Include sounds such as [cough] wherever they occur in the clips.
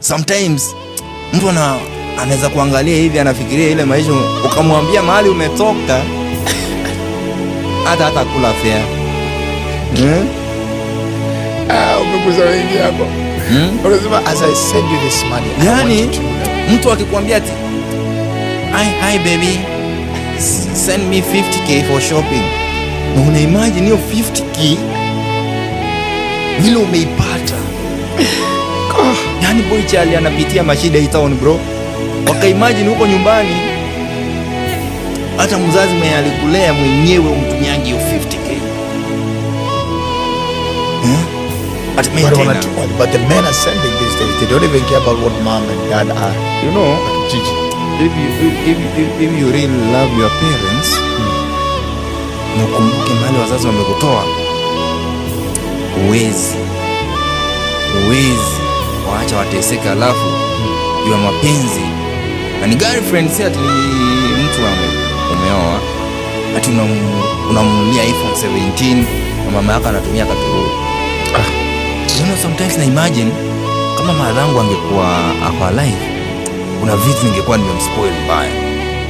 sometimes mtu ana anaweza kuangalia hivi anafikiria ile maisha, ukamwambia mahali umetoka [laughs] hata hata kula fea hmm? Ah, umekuza wengi hapo hmm? Unasema as I send you this money, yani mtu akikwambia ati hi hi baby send me 50k for shopping, na una imagine hiyo 50k vile umeipata [laughs] ah. Yaani boy Charlie anapitia mashida hii town bro. Waka imagine huko nyumbani hata mzazi mwenye alikulea mwenyewe umtumiangi hiyo 50k. Hmm? But but, but the men are sending these days. They don't even care about what mom and dad are. You know, if you, if if, if you really love your parents, hmm, na ukumbuke mahali wazazi wamekutoa, uwezi uwezi nawaacha wateseka, alafu jua mapenzi na ni girlfriend, si ati mtu umeoa ati unamunulia iPhone 17 na mama yako anatumia katuro. Ah, you know sometimes na imagine kama maadhangu angekuwa ako alive, kuna vitu ningekuwa nimemspoil mbaya,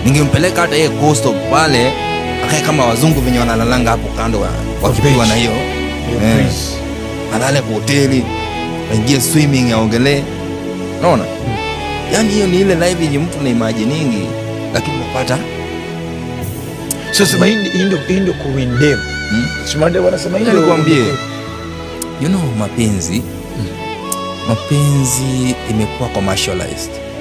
ningempeleka hata yeye Coast pale akae kama wazungu venye wanalalanga hapo kando wakipiwa na hiyo, eh. alale kwa hoteli aingie swimming aongelee, unaona yani hiyo ni ile live yenye mtu na imaji nyingi, lakini unapata sasa. Hii ndio kuwindem hmm? wanasema, yaani nikwambie, you know mapenzi, hmm. mapenzi imekuwa commercialized